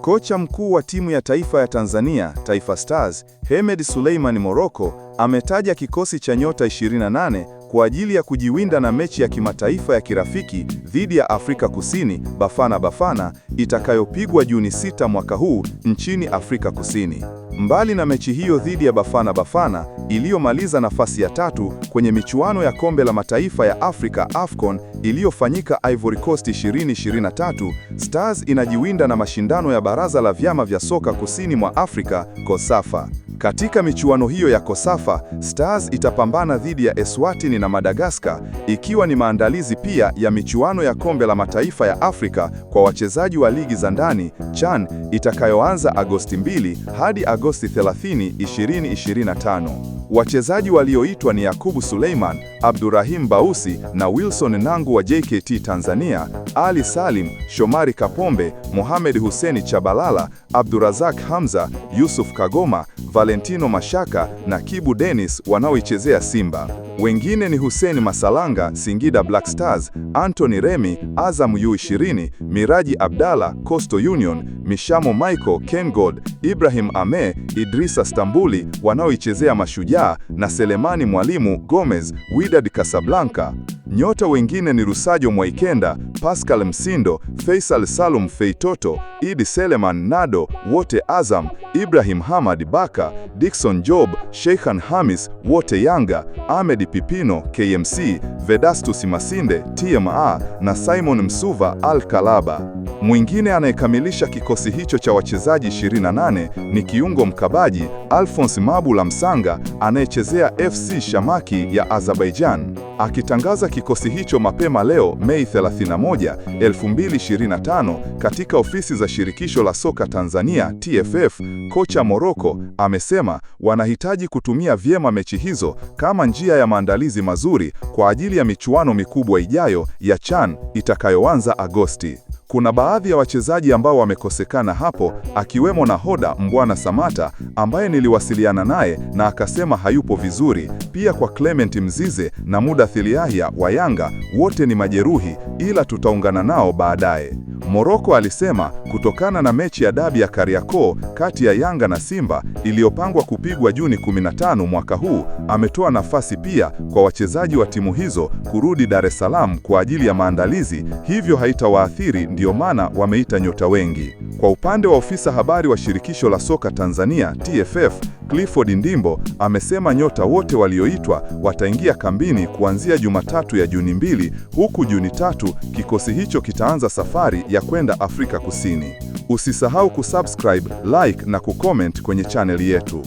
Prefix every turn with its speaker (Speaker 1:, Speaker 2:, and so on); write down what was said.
Speaker 1: Kocha mkuu wa timu ya taifa ya Tanzania, Taifa Stars, Hemed Suleiman Morocco ametaja kikosi cha nyota 28 kwa ajili ya kujiwinda na mechi ya kimataifa ya kirafiki dhidi ya Afrika Kusini, Bafana Bafana, itakayopigwa Juni 6 mwaka huu nchini Afrika Kusini. Mbali na mechi hiyo dhidi ya Bafana Bafana iliyomaliza nafasi ya tatu kwenye michuano ya Kombe la Mataifa ya Afrika AFCON iliyofanyika Ivory Coast 2023, Stars inajiwinda na mashindano ya Baraza la Vyama vya Soka Kusini mwa Afrika, COSAFA. Katika michuano hiyo ya Kosafa, Stars itapambana dhidi ya Eswatini na Madagascar, ikiwa ni maandalizi pia ya michuano ya Kombe la Mataifa ya Afrika kwa wachezaji wa ligi za ndani CHAN itakayoanza Agosti 2 hadi Agosti 30, 2025. Wachezaji walioitwa ni Yakubu Suleiman, Abdurahim Bausi na Wilson Nangu wa JKT Tanzania, Ali Salim, Shomari Kapombe, Mohamed Huseni Chabalala, Abdurazak Hamza, Yusuf Kagoma, Val Valentino Mashaka na Kibu Dennis wanaoichezea Simba. Wengine ni Hussein Masalanga Singida Black Stars, Anthony Remy Azam U20, Miraji Abdalla Coastal Union, Mishamo Michael kengold Ibrahim Ame Idrisa Stambuli wanaoichezea Mashujaa na Selemani Mwalimu Gomez widad Casablanca. Nyota wengine ni Rusajo Mwaikenda Pascal Msindo, Faisal Salum Feitoto, Idi Seleman Nado, wote Azam, Ibrahim Hamad Baka, Dickson Job, Sheikhan Hamis, wote Yanga, Ahmed Pipino, KMC, Vedastus Masinde, TMA na Simon Msuva Al Kalaba. Mwingine anayekamilisha kikosi hicho cha wachezaji 28 ni kiungo mkabaji Alphonse Mabula Msanga anayechezea FC Shamaki ya Azerbaijan akitangaza kikosi hicho mapema leo Mei 31, 2025 katika ofisi za Shirikisho la Soka Tanzania TFF, kocha Morocco amesema wanahitaji kutumia vyema mechi hizo kama njia ya maandalizi mazuri kwa ajili ya michuano mikubwa ijayo ya CHAN itakayoanza Agosti. Kuna baadhi ya wachezaji ambao wamekosekana hapo, akiwemo nahoda Mbwana Samata ambaye niliwasiliana naye na akasema hayupo vizuri, pia kwa Clement Mzize na Mudathir Yahya wa Yanga, wote ni majeruhi, ila tutaungana nao baadaye. Moroko alisema kutokana na mechi ya dabi ya Kariakoo kati ya Yanga na Simba iliyopangwa kupigwa Juni 15 mwaka huu, ametoa nafasi pia kwa wachezaji wa timu hizo kurudi Dar es Salaam kwa ajili ya maandalizi, hivyo haitawaathiri, ndiyo maana wameita nyota wengi. Kwa upande wa ofisa habari wa shirikisho la soka Tanzania TFF, Clifford Ndimbo amesema nyota wote walioitwa wataingia kambini kuanzia Jumatatu ya Juni mbili, huku Juni tatu kikosi hicho kitaanza safari ya kwenda Afrika Kusini. Usisahau kusubscribe, like na kucomment kwenye chaneli yetu.